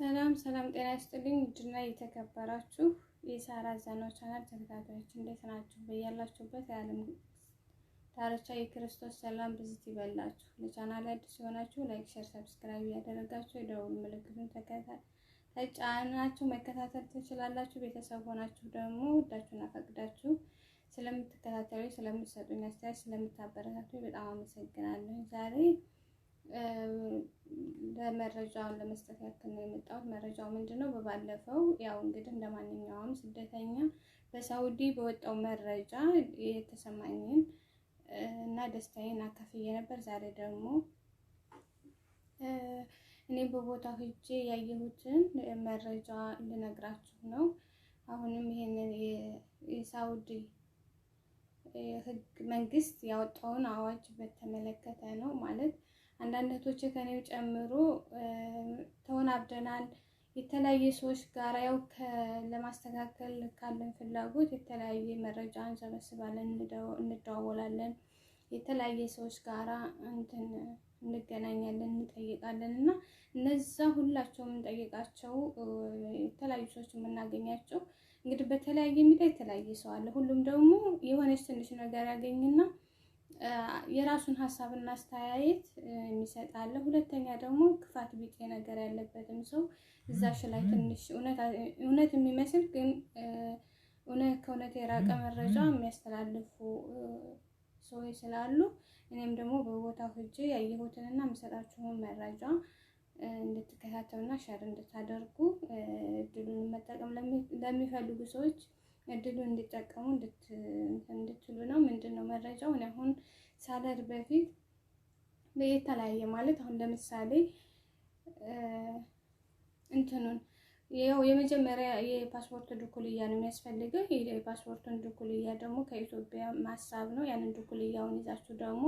ሰላም ሰላም፣ ጤና ይስጥልኝ ውድና የተከበራችሁ የሳራ ዛናው ቻናል ተከታታዮች እንዴት ናችሁ? በያላችሁበት የዓለም ዳርቻ የክርስቶስ ሰላም ብዝት ይበላችሁ። ለቻናል አዲስ የሆናችሁ ላይክ፣ ሸር፣ ሰብስክራይብ ያደረጋችሁ የደውል ምልክቱን ተጫናችሁ መከታተል ትችላላችሁ። ቤተሰብ ሆናችሁ ደግሞ ወዳችሁና ፈቅዳችሁ ስለምትከታተሉ፣ ስለምትሰጡኝ አስተያየት፣ ስለምታበረታቱ በጣም አመሰግናለሁ። ዛሬ ለመረጃውን ለመስጠት ያክል ነው የመጣሁት። መረጃው ምንድን ነው? በባለፈው ያው እንግዲህ እንደ ማንኛውም ስደተኛ በሳውዲ በወጣው መረጃ የተሰማኝን እና ደስታዬን አካፍዬ ነበር። ዛሬ ደግሞ እኔ በቦታው ሄጄ ያየሁትን መረጃ ልነግራችሁ ነው። አሁንም ይሄንን የሳውዲ ህግ መንግስት ያወጣውን አዋጅ በተመለከተ ነው ማለት አንዳንዶቹ ከኔው ጨምሮ ተወናብደናል። የተለያዩ ሰዎች ጋር ያው ለማስተካከል ካለን ፍላጎት የተለያየ መረጃ እንሰበስባለን፣ እንደዋወላለን፣ የተለያየ ሰዎች ጋራ እንትን እንገናኛለን፣ እንጠይቃለን እና እነዛ ሁላቸውም እንጠይቃቸው የተለያዩ ሰዎች የምናገኛቸው እንግዲህ በተለያየ ሚዲያ የተለያየ ሰው አለ። ሁሉም ደግሞ የሆነች ትንሽ ነገር ያገኝና የራሱን ሀሳብና አስተያየት የሚሰጥ ሁለተኛ ደግሞ ክፋት ቢጤ ነገር ያለበትም ሰው እዛሽ ላይ ትንሽ እውነት የሚመስል ግን እውነት ከእውነት የራቀ መረጃ የሚያስተላልፉ ሰዎች ስላሉ እኔም ደግሞ በቦታው ሄጄ ያየሁትንና የምሰጣችሁን መረጃ እንድትከታተሉና ሸር እንድታደርጉ እድሉን መጠቀም ለሚፈልጉ ሰዎች እድሉ እንዲጠቀሙ እንድትሉ ነው። ምንድን ነው መረጃው አሁን ሳለር በፊት የተለያየ ማለት አሁን ለምሳሌ እንትኑን ያው የመጀመሪያ የፓስፖርት ዱኩልያ ነው የሚያስፈልገው። የፓስፖርቱን ዱኩልያ ደግሞ ከኢትዮጵያ ማሳብ ነው። ያንን ዱኩልያውን ይዛችሁ ደግሞ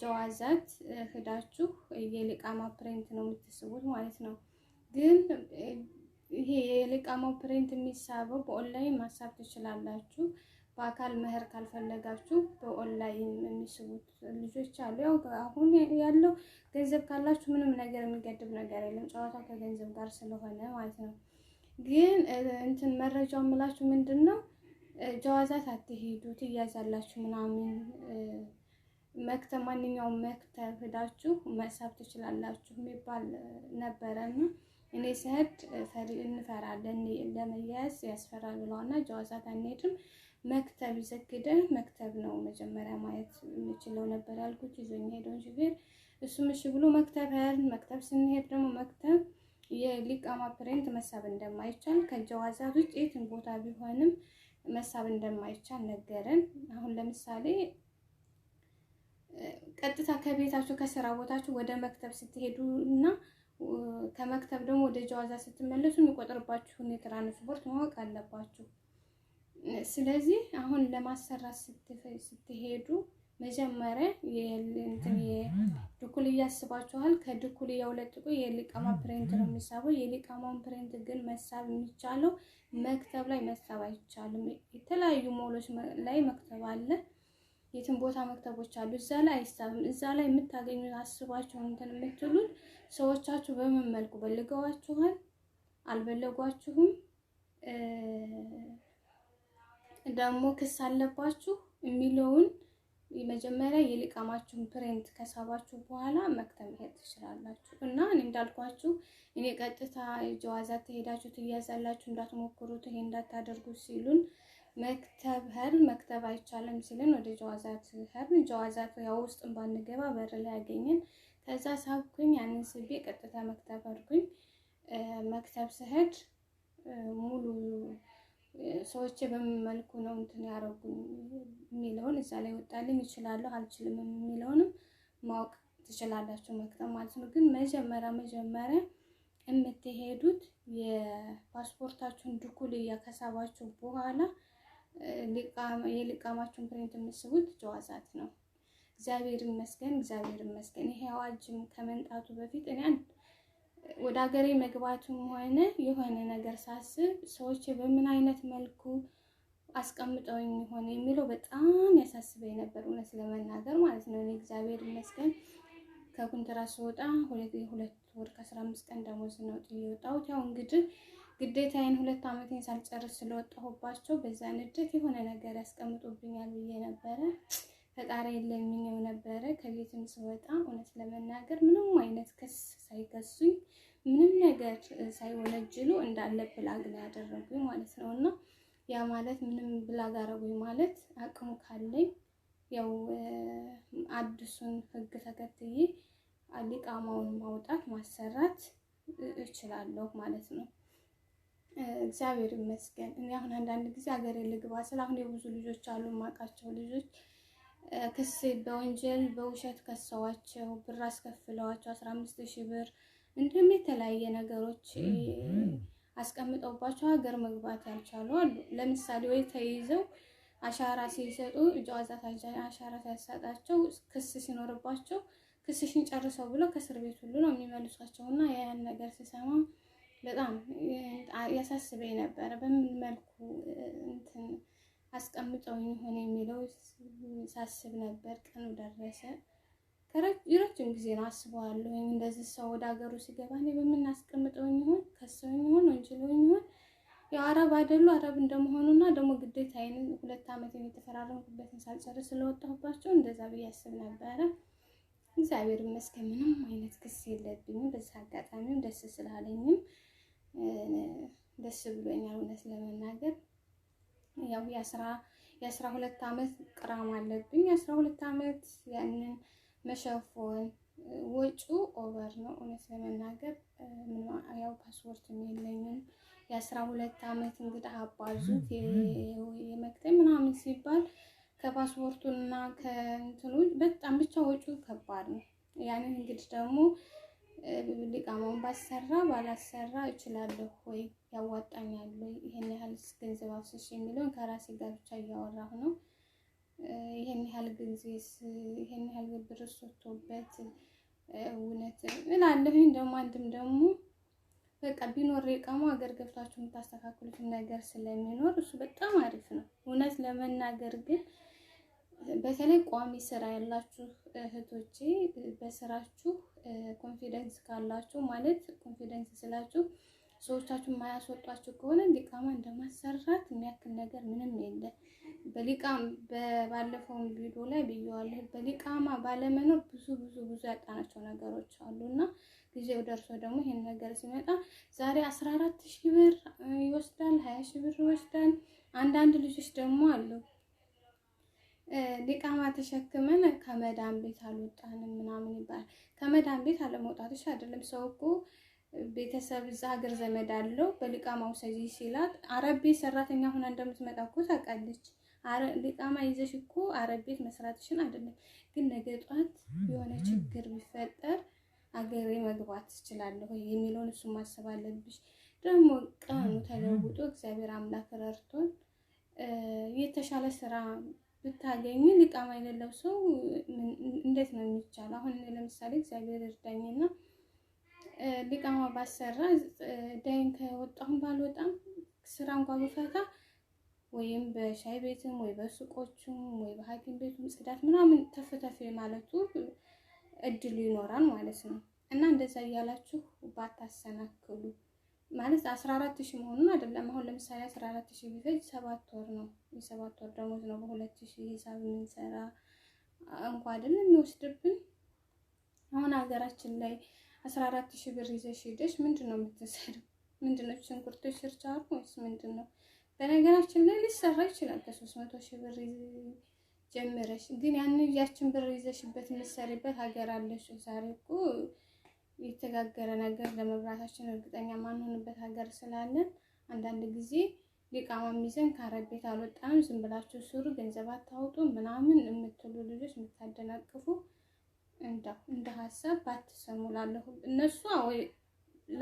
ጀዋዛት ህዳችሁ የልቃማ ፕሪንት ነው የምትስቡት ማለት ነው ግን ይሄ የልቃማው ፕሪንት የሚሳበው በኦንላይን ማሳብ ትችላላችሁ። በአካል መሄድ ካልፈለጋችሁ በኦንላይን የሚስቡት ልጆች አሉ። ያው አሁን ያለው ገንዘብ ካላችሁ ምንም ነገር የሚገድብ ነገር የለም። ጨዋታ ከገንዘብ ጋር ስለሆነ ማለት ነው። ግን እንትን መረጃው የምላችሁ ምንድን ነው፣ ጀዋዛት አትሄዱ ትያዛላችሁ ምናምን መክተብ፣ ማንኛውም መክተብ ሄዳችሁ መሳብ ትችላላችሁ የሚባል ነበረ እኔ ስሄድ እንፈራለን ለመያዝ ያስፈራል ብለዋና ጀዋዛት አንሄድም መክተብ ይዘግደን መክተብ ነው መጀመሪያ ማየት የምችለው ነበር ያልኩት። ይዞኝ ሄደውን ሹፌር እሱም እሺ ብሎ መክተብ ያህል መክተብ ስንሄድ ደግሞ መክተብ የሊቃማ ፕሪንት መሳብ እንደማይቻል ከጀዋዛት ውጭ የትን ቦታ ቢሆንም መሳብ እንደማይቻል ነገረን። አሁን ለምሳሌ ቀጥታ ከቤታችሁ ከስራ ቦታችሁ ወደ መክተብ ስትሄዱ እና ከመክተብ ደግሞ ወደ ጀዋዛ ስትመለሱ የሚቆጥርባችሁን የትራንስፖርት ማወቅ አለባችሁ። ስለዚህ አሁን ለማሰራት ስትሄዱ መጀመሪያ ድኩል እያስባችኋል። ከድኩል ለጥቆ የሊቃማ ፕሪንት ነው የሚሳበው። የሊቃማውን ፕሪንት ግን መሳብ የሚቻለው መክተብ ላይ መሳብ አይቻልም። የተለያዩ ሞሎች ላይ መክተብ አለ። የትም ቦታ መክተቦች አሉ። እዛ ላይ አይሳብም። እዛ ላይ የምታገኙት አስባችሁ እንትን የምትሉት ሰዎቻችሁ በምን መልኩ በልገዋችኋል፣ አልበለጓችሁም፣ ደግሞ ክስ አለባችሁ የሚለውን መጀመሪያ የልቃማችሁን ፕሪንት ከሳባችሁ በኋላ መክተብ መሄድ ትችላላችሁ። እና እኔ እንዳልኳችሁ እኔ ቀጥታ ጀዋዛ ተሄዳችሁ ትያዛላችሁ እንዳትሞክሩት ይሄ እንዳታደርጉ ሲሉን መክተብ ሀል መክተብ አይቻልም ሲልን ወደ ጀዋዛት ሀል ጀዋዛት ያው ውስጥን ባንገባ በር ላይ ያገኘን። ከዛ ሳብኩኝ ያንን ስቤ ቀጥታ መክተብ አድርጉኝ። መክተብ ስሄድ ሙሉ ሰዎች በምን መልኩ ነው እንትን ያደረጉኝ የሚለውን እዛ ላይ ወጣልኝ። ይችላለሁ አልችልም የሚለውንም ማወቅ ትችላላችሁ መክተብ ማለት ነው። ግን መጀመሪያ መጀመሪያ የምትሄዱት የፓስፖርታችሁን ድኩል እያከሳባችሁ በኋላ የሊቃማችሁን ፕሪንት የምስቡት ጀዋዛት ነው። እግዚአብሔር ይመስገን፣ እግዚአብሔር ይመስገን። ይሄ አዋጅም ከመንጣቱ በፊት እኔ ወደ ሀገሬ መግባቱም ሆነ የሆነ ነገር ሳስብ ሰዎች በምን አይነት መልኩ አስቀምጠውኝ ሆነ የሚለው በጣም ያሳስበኝ ነበር፣ እውነት ለመናገር ማለት ነው። እኔ እግዚአብሔር ይመስገን ከኩንትራት ስወጣ ሁለት ሁለት ወር ከአስራ አምስት ቀን ደሞዝ ነው የወጣሁት። ያው እንግዲህ ግዴታዬን ሁለት ዓመቴን ሳልጨርስ ስለወጣሁባቸው በዛ ንዴት የሆነ ነገር ያስቀምጡብኛል ብዬ ነበረ። ፈጣሪ የለምኝም ነበረ። ከቤትም ስወጣ እውነት ለመናገር ምንም አይነት ክስ ሳይከሱኝ ምንም ነገር ሳይወነጅሉ እንዳለ ብላግ ላይ ያደረጉኝ ማለት ነው እና ያ ማለት ምንም ብላግ አረጉኝ ማለት አቅሙ ካለኝ ያው አዲሱን ሕግ ተከትዬ ሊቃማውን ማውጣት ማሰራት እችላለሁ ማለት ነው። እግዚአብሔር ይመስገን። እኔ አሁን አንዳንድ ጊዜ ሀገሬ ልግባ ስለ አሁን የብዙ ልጆች አሉ የማውቃቸው ልጆች ክስ በወንጀል በውሸት ከሰዋቸው ብር አስከፍለዋቸው አስራ አምስት ሺህ ብር እንዲሁም የተለያየ ነገሮች አስቀምጠውባቸው ሀገር መግባት ያልቻሉ አሉ። ለምሳሌ ወይ ተይዘው አሻራ ሲሰጡ እጃዋዛት አሻራ ሲያሳጣቸው ክስ ሲኖርባቸው ክስሽን ጨርሰው ብለው ከእስር ቤት ሁሉ ነው የሚመልሷቸው እና ያን ነገር ሲሰማ በጣም ያሳስበኝ ነበረ። በምን መልኩ እንትን አስቀምጠው ይሆን የሚለው ሳስብ ነበር። ቀኑ ደረሰ። ረጅም ጊዜ ነው አስበዋለሁ። እንደዚህ ሰው ወደ ሀገሩ ሲገባ እኔ በምን አስቀምጠው ይሆን ከሰው ይሆን ወንጀለው ይሆን ያው አረብ አይደሉ አረብ እንደመሆኑና ደግሞ ግዴታ ይህንን ሁለት ዓመት የተፈራረምኩበትን ሳልጨርስ ስለወጣሁባቸው እንደዛ ብዬ አስብ ነበረ። እግዚአብሔር ይመስገን ምንም አይነት ክስ የለብኝም። በዚህ አጋጣሚም ደስ ስላለኝም ደስ ብሎኛል እውነት ለመናገር ያው የአስራ ሁለት ዓመት ቅራም አለብኝ። የአስራ ሁለት ዓመት ያንን መሸፎን ወጪው ኦቨር ነው እውነት ለመናገር ያው ፓስፖርትም የለኝም። የአስራ ሁለት ዓመት እንግዲህ አባዙት የመክተኝ ምናምን ሲባል ከፓስፖርቱና ከእንትኑ በጣም ብቻ ወጪው ከባድ ነው። ያንን እንግዲህ ደግሞ ሊቃማውን ባሰራ ባላሰራ እችላለሁ ወይ ያዋጣኛል ወይ ይሄን ያህል ገንዘብ አፍስሽ የሚለውን ከራሴ ጋር ብቻ እያወራሁ ነው። ይሄን ያህል ገንዘብ ይሄን ያህል ብር ሰጥቶበት እውነት እላለሁ። ደግሞ አንድም ደግሞ በቃ ቢኖር የቀሙ ሀገር ገብታችሁ የምታስተካክሉት ነገር ስለሚኖር እሱ በጣም አሪፍ ነው። እውነት ለመናገር ግን በተለይ ቋሚ ስራ ያላችሁ እህቶቼ በስራችሁ ኮንፊደንስ ካላችሁ ማለት ኮንፊደንስ ስላችሁ ሰዎቻችሁ የማያስወጧችሁ ከሆነ ሊቃማ እንደማሰራት የሚያክል ነገር ምንም የለም። በሊቃም በባለፈው ቪዲዮ ላይ ብየዋለሁ። በሊቃማ ባለመኖር ብዙ ብዙ ብዙ ያጣናቸው ነገሮች አሉ እና ጊዜው ደርሶ ደግሞ ይህን ነገር ሲመጣ ዛሬ አስራ አራት ሺህ ብር ይወስዳል፣ ሀያ ሺህ ብር ይወስዳል። አንዳንድ ልጆች ደግሞ አሉ ሊቃማ ተሸክመን ከመዳን ቤት አልወጣንም ምናምን ይባላል። ከመዳን ቤት አለመውጣትሽ አይደለም። ሰው እኮ ቤተሰብ እዛ ሀገር ዘመድ አለው በሊቃማ ውሰጂ ሲላት አረቤ ሰራተኛ ሁና እንደምትመጣ እኮ ታውቃለች። ሊቃማ ይዘሽ እኮ አረቤት ቤት መስራትሽን አይደለም። ግን ነገ ጧት የሆነ ችግር ቢፈጠር አገሬ መግባት ትችላለሁ የሚለውን እሱ ማሰብ አለብሽ። ደግሞ ቀኑ ተለውጦ እግዚአብሔር አምላክ ረድቶን የተሻለ ስራ ብታገኙ ልቃም የሌለው ሰው እንዴት ነው የሚቻለው? አሁን ለምሳሌ እግዚአብሔር እርዳኝና ልቃማ ባሰራ ዳይን ከወጣሁን ባልወጣም ስራ እንኳ ብፈታ ወይም በሻይ ቤትም ወይ በሱቆቹም ወይ በሐኪም ቤቱም ጽዳት ምናምን ተፍተፍ ማለቱ እድሉ ይኖራል ማለት ነው። እና እንደዛ እያላችሁ ባታሰናክሉ ማለት 14 ሺህ መሆኑን አይደለም። አሁን ለምሳሌ 14 ሺህ ቢፈጅ ሰባት ወር ነው፣ የሰባት ወር ደሞዝ ነው። በሁለት ሺህ ሂሳብ የምንሰራ እንኳ አይደለም የሚወስድብን። አሁን ሀገራችን ላይ 14 ሺህ ብር ይዘሽ ሄደሽ ምንድን ነው የምትሰሪው? ምንድን ነው ሽንኩርቶች ወይስ ምንድን ነው? በነገራችን ላይ ሊሰራ ይችላል ከ300 ሺህ ብር ጀምረሽ፣ ግን ያን ያችን ብር ይዘሽበት የምትሰሪበት ሀገር አለሽ። ዛሬ እኮ የተጋገረ ነገር ለመብራታችን እርግጠኛ ማንሆንበት ሀገር ስላለን አንዳንድ ጊዜ ሊቃማም ይዘን ከአረብ ቤት አልወጣንም፣ ዝም ብላችሁ ስሩ፣ ገንዘብ አታውጡ ምናምን የምትሉ ልጆች የምታደናቅፉ እንደ ሀሳብ ባትሰሙ ላለሁ እነሱ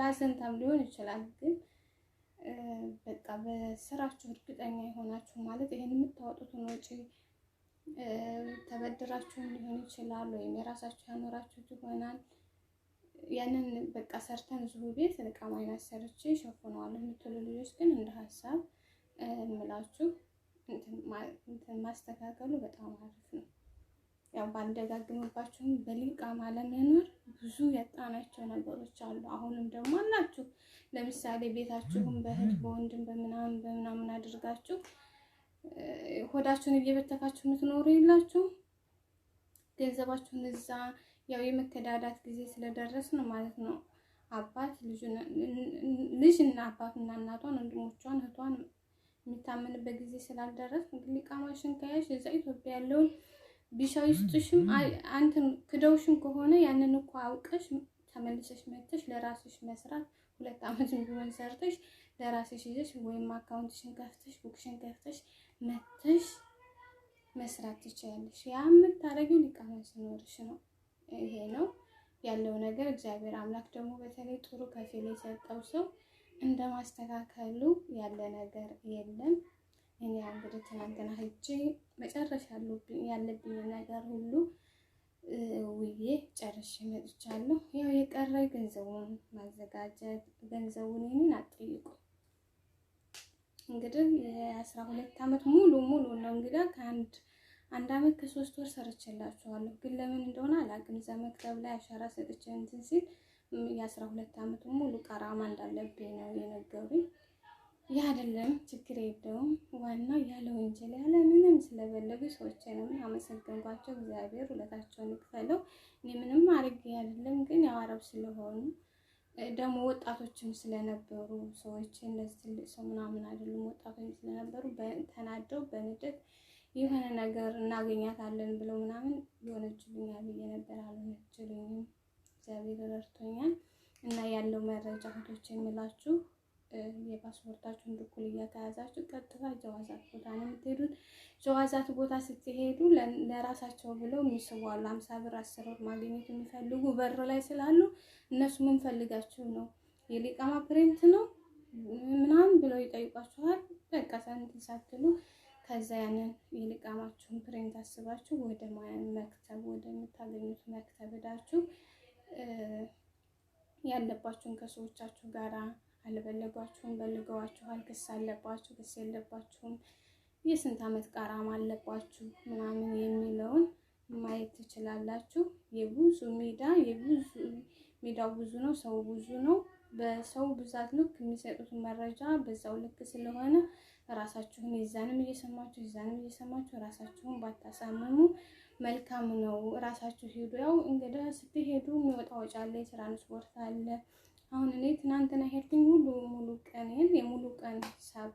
ላዘንታም ሊሆን ይችላል ግን በቃ በስራችሁ እርግጠኛ የሆናችሁ ማለት ይሄን የምታወጡትን ወጪ ተበድራችሁም ሊሆን ይችላል ወይም የራሳችሁ ያኖራችሁት ይሆናል። ያንን በቃ ሰርተን ዝሁ ቤት እቃ ማይነት ሰርቼ ሸፍነዋለሁ የምትሉ ልጆች ግን እንደ ሀሳብ እንላችሁ ማስተካከሉ በጣም አሪፍ ነው። ያው ባንደጋግምባችሁም በሊቃም አለመኖር ብዙ ያጣናቸው ነገሮች አሉ። አሁንም ደግሞ አላችሁ። ለምሳሌ ቤታችሁን በእህት በወንድም በምናምን በምናምን አድርጋችሁ ሆዳችሁን እየበተካችሁ የምትኖሩ የላችሁ ገንዘባችሁን እዛ ያው የመከዳዳት ጊዜ ስለደረስ ነው ማለት ነው። አባት ልጅና እና እናቷን ወንድሞቿን እህቷን የሚታመንበት ጊዜ ስላልደረስ እንግዲህ ሊቃማሽን ከያሽ እዛ ኢትዮጵያ ያለውን ቢሻው ይስጥሽም አንተን ክደውሽም ከሆነ ያንን እኮ አውቀሽ ተመልሰሽ መጥተሽ ለራስሽ መስራት ሁለት ዓመት ቢሆን ሰርተሽ ለራስሽ ይዘሽ ወይም አካውንትሽን ከፍተሽ ቡክሽን ከፍተሽ መጥተሽ መስራት ትችላለሽ። ያ የምታደርጊው ሊቃማ ሲኖርሽ ነው። ይሄ ነው ያለው ነገር። እግዚአብሔር አምላክ ደግሞ በተለይ ጥሩ ከፊል የሰጠው ሰው እንደ ማስተካከሉ ያለ ነገር የለም። እኔ እንግዲህ ትናንትና ሂጄ መጨረሻ ያለብኝ ነገር ሁሉ ውዬ ጨርሼ መጥቻለሁ። ያው የቀረ ገንዘቡን ማዘጋጀት ገንዘቡን ይህንን አጠይቁ እንግዲህ የአስራ ሁለት አመት ሙሉ ሙሉ ነው እንግዲህ ከአንድ አንድ አመት ከሶስት ወር ሰርቼላችኋለሁ፣ ግን ለምን እንደሆነ አላውቅም። እዛ መክተብ ላይ አሻራ ሰጥቼ እንትን ሲል የአስራ ሁለት አመት ሙሉ ቀራማ እንዳለብኝ ነው የነገሩኝ። ይህ አይደለም ችግር የለውም። ዋናው ያለ ወንጀል ያለ ምንም ስለበለጉ ሰዎችንም አመሰገንኳቸው። እግዚአብሔር ሁለታቸውን ይክፈለው። እኔ ምንም አድርጌ አይደለም፣ ግን ያው አረብ ስለሆኑ ደግሞ ወጣቶችም ስለነበሩ ሰዎች እንደዚህ ትልቅ ሰው ምናምን አይደሉም፣ ወጣቶች ስለነበሩ ተናደው በንደት የሆነ ነገር እናገኛታለን ብለው ምናምን የሆነችልኛል ብዬ ነበር። አልሆነችልኝም። እግዚአብሔር ረድቶኛል እና ያለው መረጃ እህቶች የምላችሁ የፓስፖርታችሁን ድኩልያ ከያዛችሁ ቀጥታ ጀዋዛት ቦታ ነው የምትሄዱት። ጀዋዛት ቦታ ስትሄዱ ለራሳቸው ብለው የሚስቧሉ። አምሳ ብር አስር ወር ማግኘት የሚፈልጉ በር ላይ ስላሉ እነሱ ምን ፈልጋችሁ ነው የሊቃማ ፕሪንት ነው ምናምን ብለው ይጠይቋችኋል። በቃ ሳንቲም ሳትሉ ከዛ ያንን የልቃማችሁን ፕሪንት አስባችሁ ወደ ማያ መክተብ ወደምታገኙት መክተብ ሄዳችሁ ያለባችሁን ከሰዎቻችሁ ጋር አልበለጓችሁም፣ በልገዋችኋል፣ ክስ አለባችሁ፣ ክስ የለባችሁም፣ የስንት ዓመት ቃራማ አለባችሁ ምናምን የሚለውን ማየት ትችላላችሁ። የብዙ ሜዳ የብዙ ሜዳው ብዙ ነው፣ ሰው ብዙ ነው። በሰው ብዛት ልክ የሚሰጡት መረጃ በዛው ልክ ስለሆነ ራሳችሁን የዛንም እየሰማችሁ የዛንም እየሰማችሁ ራሳችሁን ባታሳምሙ መልካም ነው። ራሳችሁ ሄዱ። ያው እንግዲህ ስትሄዱ የሚወጣ ወጪ አለ፣ የትራንስፖርት አለ። አሁን እኔ ትናንትና ሄድኩኝ። ሙሉ ሙሉ ቀኔን የሙሉ ቀን ሂሳብ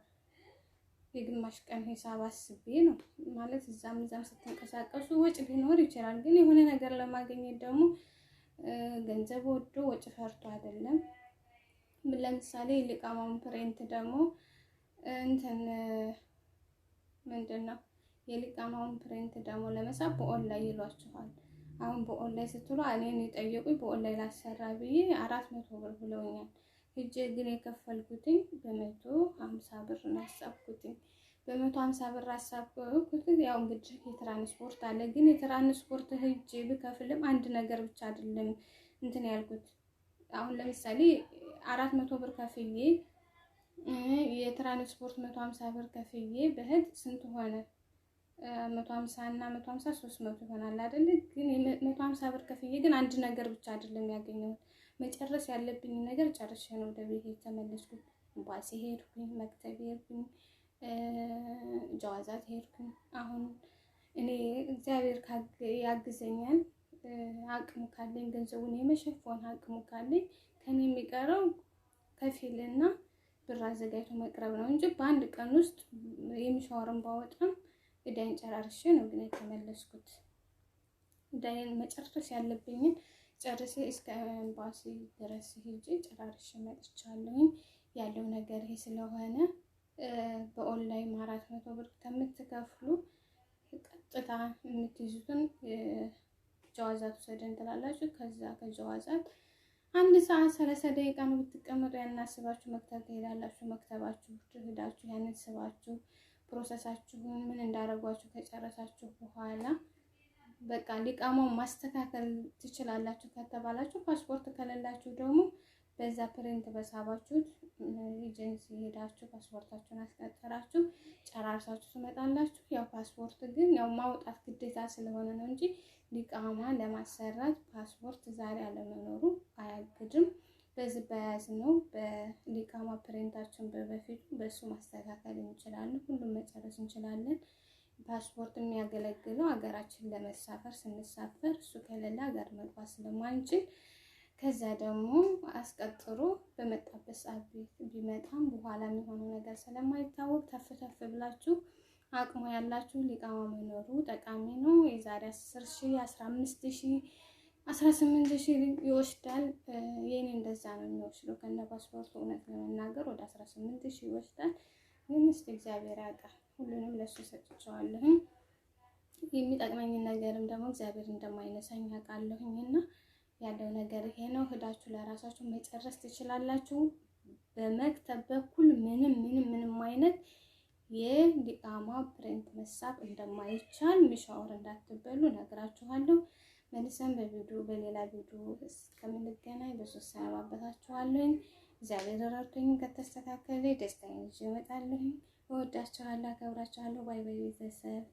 የግማሽ ቀን ሂሳብ አስቤ ነው ማለት እዛም እዛም ስትንቀሳቀሱ ወጭ ሊኖር ይችላል። ግን የሆነ ነገር ለማግኘት ደግሞ ገንዘብ ወዶ ወጭ ፈርቶ አይደለም። ለምሳሌ ሊቃማውን ፕሬንት ደግሞ እንትን ምንድን ነው የሊቃማውን ፕሪንት ደግሞ ለመሳብ በኦንላይን ይሏችኋል። አሁን በኦንላይ ስትሉ እኔን የጠየቁኝ በኦንላይ ላሰራ ብዬ አራት መቶ ብር ብለውኛል። ህጅ ግን የከፈልኩትኝ በመቶ ሀምሳ ብር ነው ያሳብኩትኝ። በመቶ ሀምሳ ብር አሳብኩት። ያው እንግዲህ የትራንስፖርት አለ። ግን የትራንስፖርት ህጅ ብከፍልም አንድ ነገር ብቻ አይደለም እንትን ያልኩት። አሁን ለምሳሌ አራት መቶ ብር ከፍዬ የትራንስፖርት መቶ ሀምሳ ብር ከፍዬ በህግ ስንት ሆነ? መቶ ሀምሳ እና መቶ ሀምሳ ሶስት መቶ ይሆናል አይደል? ግን መቶ ሀምሳ ብር ከፍዬ ግን አንድ ነገር ብቻ አይደለም ያገኘሁት። መጨረስ ያለብኝ ነገር ጨርሼ ነው ወደ ቤት የተመለስኩት። ባስ ሄድኩኝ፣ መክተብ ሄድኩኝ፣ ጀዋዛት ሄድኩኝ። አሁን እኔ እግዚአብሔር ያግዘኛል አቅሙ ካለኝ ገንዘቡን የመሸፈን አቅሙ ካለኝ ከኔ የሚቀረው ከፊልና ብር አዘጋጅቶ መቅረብ ነው እንጂ በአንድ ቀን ውስጥ የሚሻወርን ባወጣም እዳይን ጨራርሼ ነው ግን የተመለስኩት። እዳይን መጨረስ ያለብኝን ጨርሴ እስከ ኤምባሲ ድረስ ሄጄ ጨራርሼ መጥቻለሁኝ። ያለው ነገር ይሄ ስለሆነ በኦንላይን አራት መቶ ብር ከምትከፍሉ ቀጥታ የምትይዙትን ጀዋዛ ውሰደን ትላላችሁ። ከዛ ከጀዋዛት አንድ ሰዓት ሰላሳ ደቂቃ ነው ብትቀመጡ፣ ያናስባችሁ መክተብ ትሄዳላችሁ። መክተባችሁ ትሄዳችሁ ያንን ስባችሁ ፕሮሰሳችሁን ምን እንዳደረጓችሁ ከጨረሳችሁ በኋላ በቃ ሊቃማውን ማስተካከል ትችላላችሁ ከተባላችሁ ፓስፖርት ከሌላችሁ ደግሞ በዛ ፕሪንት በሳባችሁት ኤጀንሲ ሄዳችሁ ፓስፖርታችሁን አስቀጠራችሁ ጨራርሳችሁ ትመጣላችሁ። ያው ፓስፖርት ግን ያው ማውጣት ግዴታ ስለሆነ ነው እንጂ ሊቃማ ለማሰራት ፓስፖርት ዛሬ አለመኖሩ አያግድም። በዚህ በያዝ ነው በሊቃማ ፕሪንታችን በበፊቱ በእሱ ማስተካከል እንችላለን። ሁሉም መጨረስ እንችላለን። ፓስፖርት የሚያገለግለው ሀገራችን ለመሳፈር ስንሳፈር፣ እሱ ከሌለ ሀገር መግባት ስለማንችል ከዛ ደግሞ አስቀጥሮ በመጣበት ሰዓት ቢመጣም በኋላ የሚሆነው ነገር ስለማይታወቅ ተፍ ተፍ ብላችሁ አቅሙ ያላችሁ ሊቃማ መኖሩ ጠቃሚ ነው። የዛሬ 10 ሺህ 15 ሺህ 18 ሺህ ይወስዳል። የኔ እንደዛ ነው የሚወስደው ከነ ፓስፖርቱ። እውነት ለመናገር ወደ 18 ሺ ይወስዳል። ይህን እግዚአብሔር ያውቃል። ሁሉንም ለሱ ሰጥቼዋለሁኝ። የሚጠቅመኝን ነገርም ደግሞ እግዚአብሔር እንደማይነሳኝ ያውቃለሁኝ እና ያለው ነገር ይሄ ነው። ሄዳችሁ ለራሳችሁ መጨረስ ትችላላችሁ። በመክተብ በኩል ምንም ምንም ምንም አይነት የዲቃማ ፕሪንት መሳብ እንደማይቻል ምሻወር እንዳትበሉ ነግራችኋለሁ። መልሰን በቪዲዮ በሌላ ቪዲዮ እስከምንገናኝ በሶስት ሰነባበታችኋለሁ። እግዚአብሔር ረድቶኝ ከተስተካከለ ደስተኛ ይዤ እመጣለሁ። እወዳችኋለሁ፣ አከብራችኋለሁ። ባይ ባይ ቤተሰብ